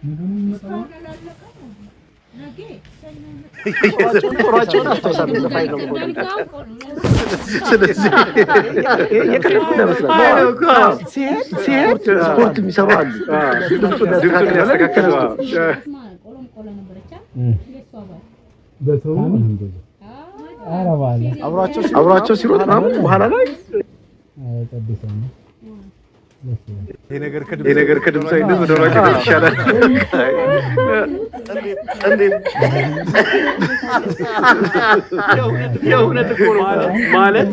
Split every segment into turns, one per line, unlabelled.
ጦሯቸውን ስፖርት የሚሰሩ አሉ። አብሯቸው ሲሮጥ ምናምን በኋላ ላይ ይሄ ነገር ከድምፃዊነት ወደ ማቄዶን ይሻላል። ማለት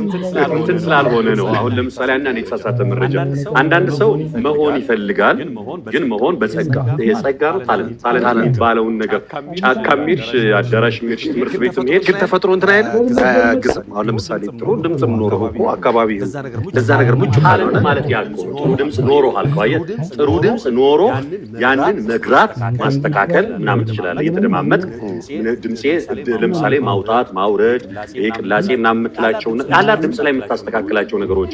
እንትን ስላልሆነ ነው። አሁን ለምሳሌ አንዳንድ የተሳሳተ መረጃ አንዳንድ ሰው መሆን ይፈልጋል፣ ግን መሆን በጸጋ ይሄ ነው። ታለንት ታለንት የሚባለውን ነገር ጫካ ሚሄድሽ፣ አዳራሽ ሚሄድሽ፣ ትምህርት ቤት ሚሄድ ግን ተፈጥሮ እንትን አይደል ግዝም አሁን ለምሳሌ ጥሩ ድምፅ የምኖረው እኮ አካባቢ ለዛ ነገር ምቹ ካልሆነ ማለት ያ ጥሩ ድምፅ ኖሮ አልከዋየ ጥሩ ድምፅ ኖሮ ያንን መግራት ማስተካከል ምናምን ትችላለ። እየተደማመጥ ድምፄ ለምሳሌ ማውጣት ማውረድ፣ ይሄ ቅላሴ ምናምን የምትላቸው ቃላ ድምፅ ላይ የምታስተካክላቸው ነገሮች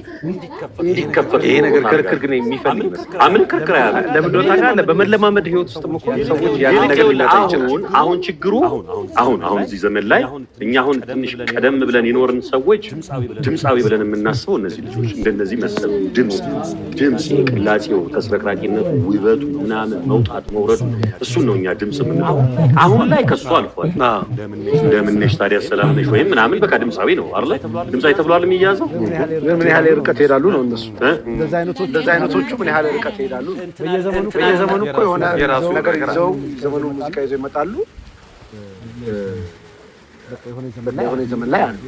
እንዲከፈት ይሄ ነገር ክርክር ግን የሚፈልግ አምን ክርክር ያለ ለምዶታ ጋር በመለማመድ ህይወት ውስጥ ምኮ ሰዎች ያለ ነገር ሊላታ አሁን ችግሩ አሁን አሁን እዚህ ዘመን ላይ እኛ አሁን ትንሽ ቀደም ብለን የኖርን ሰዎች ድምፃዊ ብለን የምናስበው እነዚህ ልጆች እንደነዚህ መሰሉ ድምፅ ቅልሴ ቅላጼው ተስረቅራቂነቱ ውበቱ ምናምን መውጣት መውረዱ እሱን ነው እኛ ድምፅ የምንለው። አሁን ላይ ከሱ አልፏል። እንደምንሽ ታዲያ ሰላም ነሽ ወይም ምናምን በቃ ድምፃዊ ነው አለ ድምፃዊ ተብሏል የሚያዘው። ምን ያህል ርቀት ይሄዳሉ ነው እነሱ እንደዚ አይነቶቹ ምን ያህል ርቀት ይሄዳሉ። በየዘመኑ እኮ የሆነ ነገር ይዘው ዘመኑ ሙዚቃ ይዘው ይመጣሉ። የሆነ ዘመን ላይ አንዱ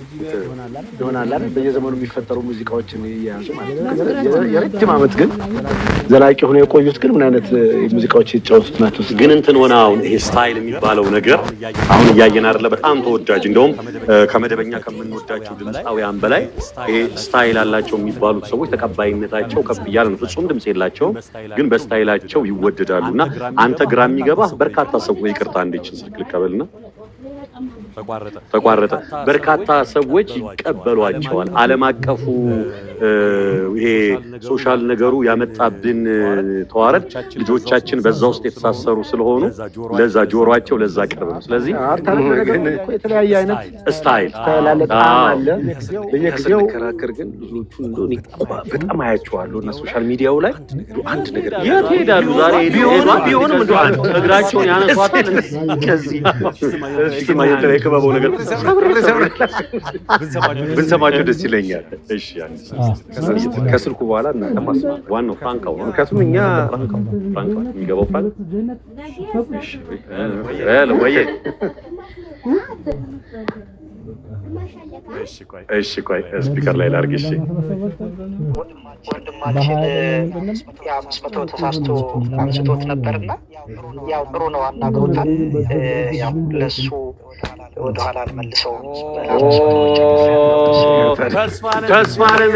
ይሆናል በየዘመኑ የሚፈጠሩ ሙዚቃዎችን እየያዙ ማለት ነው። የረጅም ዓመት ግን ዘላቂ ሆኖ የቆዩት ግን ምን አይነት ሙዚቃዎች የተጫወቱት ናቸው? ግን እንትን ሆነ አሁን ይሄ ስታይል የሚባለው ነገር አሁን እያየን አይደለ? በጣም ተወዳጅ እንደውም ከመደበኛ ከምንወዳቸው ድምፃውያን በላይ ይሄ ስታይል አላቸው የሚባሉት ሰዎች ተቀባይነታቸው ከፍ እያለ ነው። ፍጹም ድምፅ የላቸውም፣ ግን በስታይላቸው ይወደዳሉ። እና አንተ ግራ የሚገባ በርካታ ሰዎች ይቅርታ፣ አንዴችን ስልክ ልቀበልና ተቋረጠ። በርካታ ሰዎች ይቀበሏቸዋል። ዓለም አቀፉ ይሄ ሶሻል ነገሩ ያመጣብን ተዋረድ ልጆቻችን በዛ ውስጥ የተሳሰሩ ስለሆኑ ለዛ ጆሯቸው ለዛ ቅርብ ነው። ስለዚህ የተለያየ አይነት ስታይል በየጊዜው ከራከር ግን በጣም አያቸዋለሁ እና ሶሻል ሚዲያው ላይ አንድ ነገር የት ዛሬ ቢሆንም እግራቸውን ከዚህ የተከባበው ነገር ብንሰማቸው ደስ ይለኛል። ከስልኩ በኋላ እናንተ ዋናው ፍራንካ ነው። ምክንያቱም እኛ የሚገባው እሺ ቆይ ስፒከር ላይ ላርግ። እሺ ወንድማችን አምስት መቶ ተሳስቶ አንስቶት ነበርና ያው ብሩ ነው አናግሮታል። ያው ለሱ ወደኋላ አልመልሰውም። እግዚአብሔር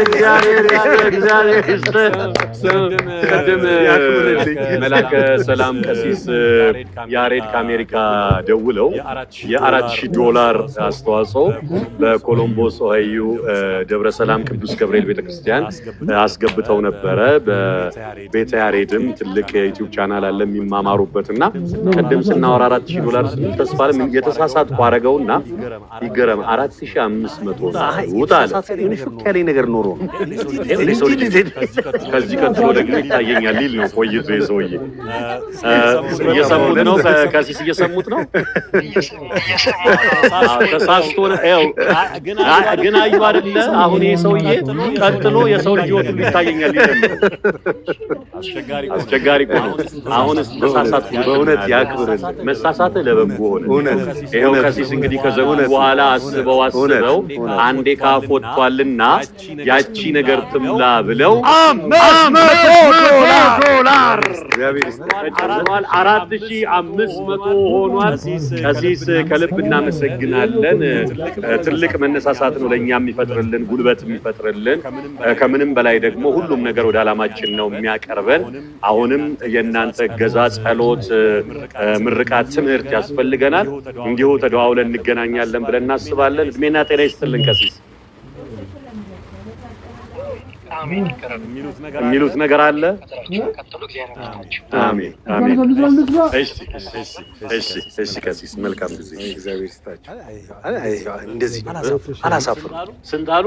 እግዚአብሔር ቅድም መላከ ሰላም ቀሲስ ያሬድ ከአሜሪካ ደውለው የአራት ሺህ ዶላር አስተዋጽኦ በኮሎምቦስ ኦዩ ደብረሰላም ቅዱስ ገብርኤል ቤተክርስቲያን አስገብተው ነበረ። በቤተ ያሬድም ትልቅ የዩቲዩብ ቻናል አለ የሚማማሩበት እና ቅድም ስናወራ አራት ሺህ ዶላር ተስፋ ለም የተሳሳትኩ አደረገው እና ይገረም አራት ሺህ አምስት መቶ ውጣል ያለ ነገር ኖሮ ከዚህ ቀጥሎ ደግሞ ይታየኛል ሊል ነው ቆይቶ የሰውዬ እየሰሙት ነው። ከሲስ እየሰሙት ነው ተሳስቶ ነው ግን አዩ አይደለ? አሁን ይሄ ሰውዬ ቀጥሎ የሰው ልጅ ወት ይታየኛል። አስቸጋሪ እኮ ነው። አሁንስ መሳሳት በእውነት ያክብርን። መሳሳትህ ለበጎ ሆነ። ይኸው ከሲስ እንግዲህ ከዘጉ በኋላ አስበው አስበው አንዴ ካፍ ወጥቷልና ያቺ ነገር ትምላ ብለው ዶላር አራት ሺ አምስት መቶ ሆኗል። ከሲስ ከልብ እናመሰግናለን። ትልቅ መነሳሳት ነው ለእኛ የሚፈጥርልን ጉልበት የሚፈጥርልን። ከምንም በላይ ደግሞ ሁሉም ነገር ወደ አላማችን ነው የሚያቀርበን። አሁንም የእናንተ እገዛ፣ ጸሎት፣ ምርቃት፣ ትምህርት ያስፈልገናል። እንዲሁ ተደዋውለን እንገናኛለን ብለን እናስባለን። እድሜና ጤና ይስጥልን ቀሲስ የሚሉት ነገር አለ። አሜን መልካም ጊዜ እንደዚህ ስንት አሉ?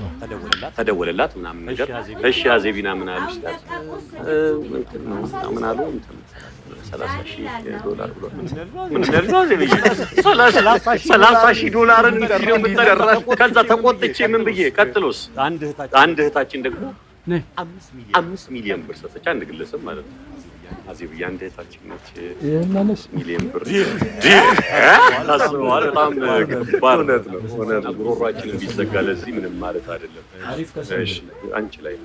ተደወለላት ምናምን ነገር እሺ አዜቢና ምናምን ሲላት እንትን ነው አሉ ሰላሳ ሺህ ዶላር ብሎ ሰላሳ ሺህ ዶላርን እንዲህ ነው የምትጨረሽ። ከዛ ተቆጥቼ ምን ብዬ ቀጥሎስ አንድ እህታችን ደግሞ አምስት ሚሊዮን ብር ሰጠች። አንድ ግለሰብ ማለት ነው አዚብ እያንዳይታችን ነች ሚሊዮን ብር ታስበዋል። በጣም ከባድ ነው። ጉሮሯችንን ቢዘጋ ለዚህ ምንም ማለት አይደለም። አንቺ ላይ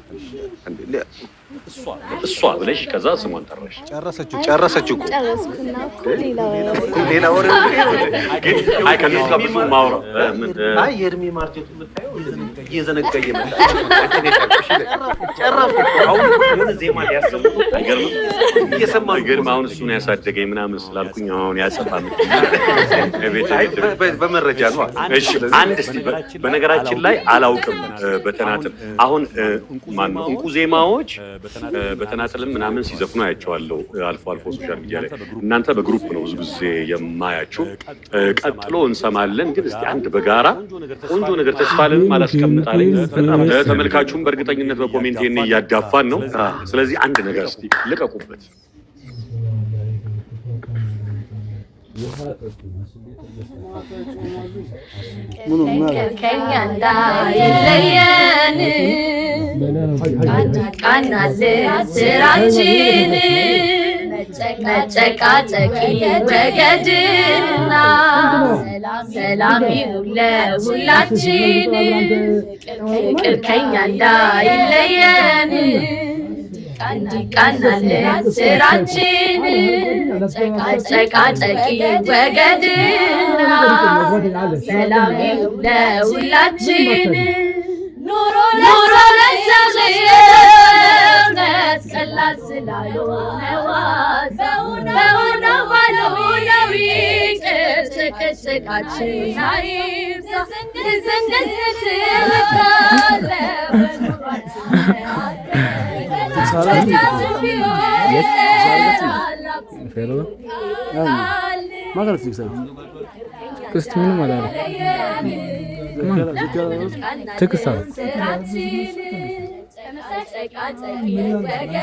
እሷ ብለሽ ከዛ ስሟን ጠራሽ። ጨረሰችው ጨረሰችው። ሌላ ወሬ ከነሱ ጋር ብዙ ማውራት የእድሜ ማርጀቱ የምታየው እየዘነጋ እየመጣ ጨረፉ። አሁን እሱን ያሳደገኝ ምናምን ስላልኩኝ አሁን ያጸፋ በመረጃ ነው። አንድ እስኪ በነገራችን ላይ አላውቅም በተናጥል አሁን እንቁ ዜማዎች በተናጥልም ምናምን ሲዘፍኑ አያቸዋለሁ አልፎ አልፎ ሶሻል ሚዲያ ላይ። እናንተ በግሩፕ ነው ብዙ ጊዜ የማያችሁ። ቀጥሎ እንሰማለን። ግን እስኪ አንድ በጋራ ቆንጆ ነገር ተስፋ አለን ተመልካቹም በእርግጠኝነት በኮሜንት ይህን እያዳፋን ነው። ስለዚህ አንድ ነገር እስኪ ልቀቁበት። ከኛ እንዳይለየን ቃናለን ስራችን መጨቃጨቂ ወገድና ሰላም ይሁን ለሁላችን፣ እንዳይለየን እንዲቃናለን ስራችን ጨቃጨቂ ወገድና ሰላም ይሁን ለሁላችን ኑሮ ለሰው በእውነት ቀላል ስላልሆነ ዋት በእውነት ባለሙያዊ ጭቅጭቃችን አይብዛ ዝንድስንድስ ባለ ማቅረብ ትችላለህ። ትዕግስት ምንም አላለም። ትዕግስት አለ ሁላችን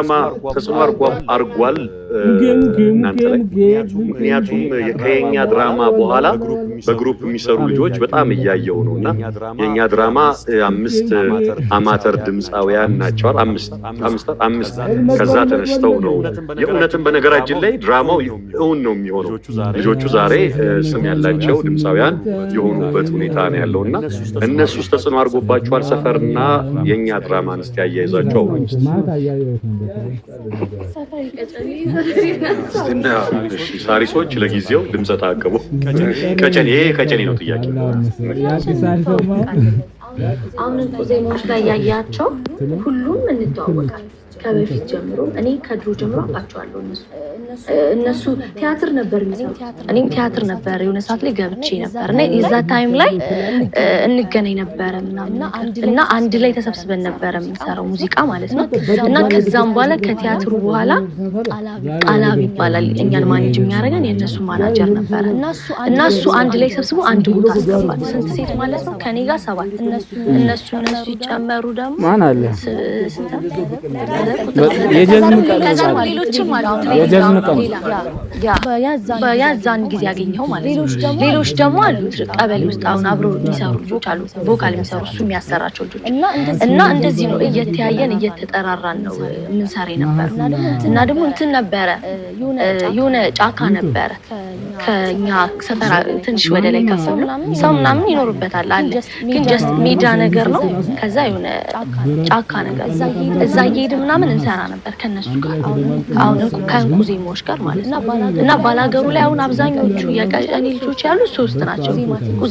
ዓላማ ተጽዕኖ አርጓል እናንተ ምክንያቱም ከየኛ ድራማ በኋላ በግሩፕ የሚሰሩ ልጆች በጣም እያየው ነው እና የእኛ ድራማ አምስት አማተር ድምፃውያን ናቸዋል። አምስት ከዛ ተነስተው ነው የእውነትን በነገራችን ላይ ድራማው እውን ነው የሚሆነው። ልጆቹ ዛሬ ስም ያላቸው ድምፃውያን የሆኑበት ሁኔታ ነው ያለው እና እነሱ ውስጥ ተጽዕኖ አድርጎባቸዋል። ሰፈርና የእኛ ድራማ አንስቲ አያይዛቸው አውሩኝ ሳሪሶች ለጊዜው ድምፀ ተአቅቦ ቀጨኔ ቀጨኔ ነው ጥያቄ
አሁን ዜማዎች ላይ ያያቸው ሁሉም እንተዋወቃለን ከበፊት ጀምሮ እኔ ከድሮ ጀምሮ አውቃቸዋለሁ። እነሱ እነሱ ቲያትር ነበር የሚሰሩት። እኔም ቲያትር ነበር የሆነ ሰዓት ላይ ገብቼ ነበር እና የዛ ታይም ላይ እንገናኝ ነበረ ምናምን እና አንድ ላይ ተሰብስበን ነበረ የምንሰራው ሙዚቃ ማለት ነው። እና ከዛም በኋላ ከቲያትሩ በኋላ ቃላብ ይባላል እኛን ማኔጅ የሚያደርገን የእነሱ ማናጀር ነበረ እና እሱ አንድ ላይ ሰብስቦ አንድ ቦታ አስገባል። ስንት ሴት ማለት ነው? ከኔ ጋር ሰባት እነሱ እነሱ ይጨመሩ ደግሞ ማን አለ የጀዝም ቀን ያዛን ጊዜ ያገኘው ማለት ነው። ሌሎች ደግሞ አሉ ቀበሌ ውስጥ አሁን አብሮ የሚሰሩ ልጆች አሉ፣ ቦካል የሚሰሩ እሱ የሚያሰራቸው ልጆች እና እንደዚህ ነው እየተያየን እየተጠራራን ነው የምንሰራ ነበር። እና ደግሞ እንትን ነበረ የሆነ ጫካ ነበረ ከኛ ሰፈራ ትንሽ ወደ ላይ ከፍ ብሎ ሰው ምናምን ይኖርበታል አለ፣ ግን ጀስት ሜዳ ነገር ነው። ከዛ የሆነ ጫካ ነገር እዛ እየሄድ ምናምን ምናምን እንሰራ ነበር ከነሱ ጋር አሁን ከእንቁ ዜማዎች ጋር ማለት እና ባላገሩ ላይ አሁን አብዛኞቹ የቀጨኔ ልጆች ያሉት ሶስት ናቸው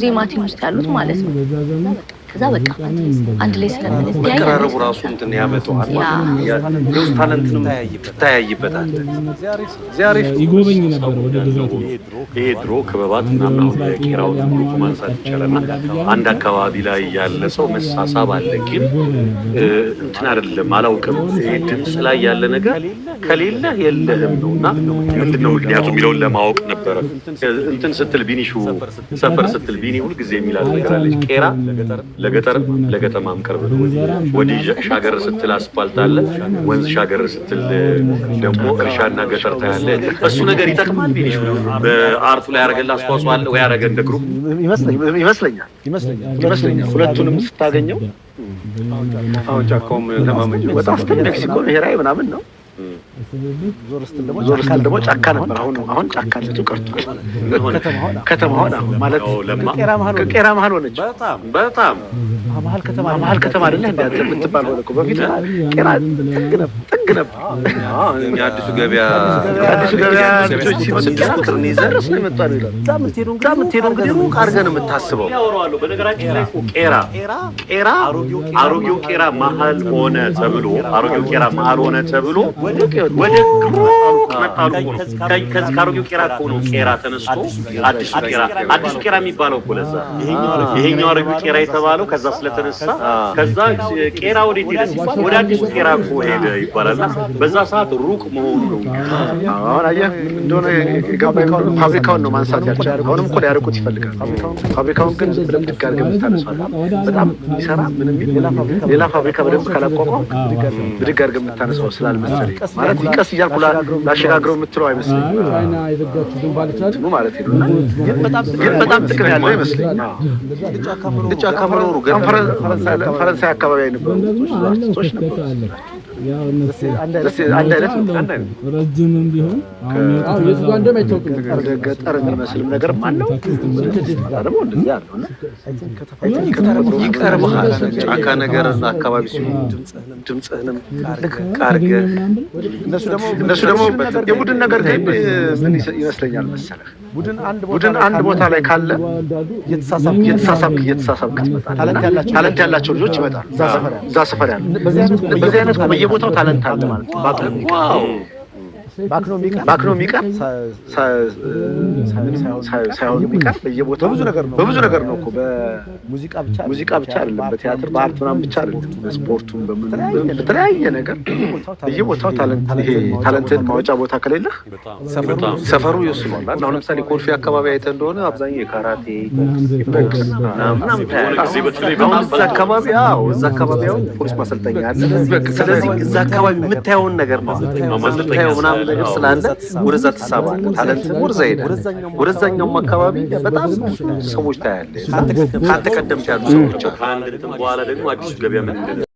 ዜማ ውስጥ ያሉት ማለት ነው። ከዛ በቃ አንድ ላይ
ስለምንቀራረቡ ራሱ እንትን ያመጣዋል። የውስጥ ታለንትንም ትታያይበታል። ይጎበኝ ነበር ወደ ግዛቱ። ይሄ ድሮ ክበባት ምናምን አሁን የቄራውን ሙሉ ማንሳት ይቻላል። አንድ አካባቢ ላይ ያለ ሰው መሳሳብ አለ፣ ግን እንትን አይደለም አላውቅም። ይሄ ድምፅ ላይ ያለ ነገር ከሌለ የለህም ነው እና ምንድነው ምክንያቱ የሚለውን ለማወቅ ነበረ። እንትን ስትል ቢኒሹ ሰፈር ስትል ቢኒ ሁልጊዜ የሚላል ነገር አለች ቄራ ለገጠር ለከተማም ቅርብ ነው። ወደ ሻገር ስትል አስፋልት አለ፣ ወንዝ ሻገር ስትል ደግሞ እርሻና ገጠር ታያለ። እሱ ነገር ይጠቅማል። ቢኒሽ በአርቱ ላይ ያደረገል አስተዋጽኦ አለ ወይ ያደረገ እንደ ግሩፕ ይመስለኛል ይመስለኛል ሁለቱንም ስታገኘው አሁን ጫካውም ለማመ ወጣ ስትል ሜክሲኮ ብሔራዊ ምናምን ነው ዞር ስትል ደግሞ ጫካ ነበር። አሁን አሁን ጫካ ነቱ ቀርቷል። ከተማ ሆነ ማለት ከቄራ መሀል ሆነች። በጣም መሀል ከተማ አይደለ እንደ አንተ የምትባል ሆነ እኮ በፊት ቄራ ጥግ ነበር፣ ጥግ ነበር። አዲሱ ገበያ አዲሱ ገበያ ልጆች ስድስት ነው የመጣ እዛ የምትሄደው እንግዲህ ሩቅ አድርገህ ነው የምታስበው። ቄራ ቄራ አሮጌው ቄራ መሀል ሆነ ተብሎ አሮጌው ቄራ መሀል ሆነ ተብሎ ወደ ቄራ እኮ ነው ቄራ ተነስቶ አዲሱ ቄራ አዲሱ ቄራ የሚባለው እኮ ለዛ ይሄኛው ቄራ የተባለው ከዛ ስለተነሳ ከዛ ቄራ ሄደ ሲባል ወደ አዲሱ ቄራ እኮ ሄደ በዛ ሰዓት ሩቅ መሆኑ ነው። አሁን አየህ እንደሆነ ፋብሪካውን ነው ማንሳት አሁንም እኮ ሊያርቁት ይፈልጋል። ፋብሪካውን ግን በደንብ ድጋር ግን በጣም ይሰራ ምንም ሌላ ፋብሪካ በደንብ ካላቋቋም ድጋር ግን የምታነሳው ስላልመሰለኝ ማለት ይቀስ እያልኩ ላሸጋግረው የምትለው አይመስለኝም። በጣም ጥቅም ያለው ይመስለኝ ግጫ ከፍረሩ ፈረንሳይ አካባቢ ነበሩ ረጅምም ቢሆን ገጠር የሚመስልም ነገር ማነው ደግሞ ጫካ ነገር አካባቢ ሲሆን ድምፅህንም ቃርገህ እነሱ ደግሞ የቡድን ነገር ግን ምን ይመስለኛል መሰለህ፣ ቡድን አንድ ቦታ ላይ ካለ እየተሳሳብክ እየተሳሳብክ ትመጣለህ። ታለንት ያላቸው ልጆች ይመጣሉ እዛ ሰፈር ያለ በዚህ አይነት በየቦታው ታለንት አለ ማለት ነው። ባክኖ የሚቀር ሳይሆን የሚቀር በየቦታው በብዙ ነገር ነው ሙዚቃ ብቻ አይደለም፣ በቲያትር በአርት ምናምን ብቻ አይደለም፣ በስፖርቱም በተለያየ ነገር በየቦታው ቦታ ከሌለህ ሰፈሩ ይወስኗል። አሁን ለምሳሌ ኮልፌ አካባቢ አይተህ እንደሆነ አብዛኛው የካራቴ አካባቢ እዛ አካባቢ ፖሊስ ማሰልጠኛ አለ። ስለዚህ እዛ አካባቢ የምታየውን ነገር ነው ምናምን ነገር ስላለ ወደዛ ትሳባለ። ታለንት ወደዛ ሄዳል። ወደዛኛውም አካባቢ በጣም ሰዎች ታያለ። ከአንተ ቀደምት ያሉ ሰዎች አሉ። በኋላ ደግሞ አዲሱ ገበያ ምን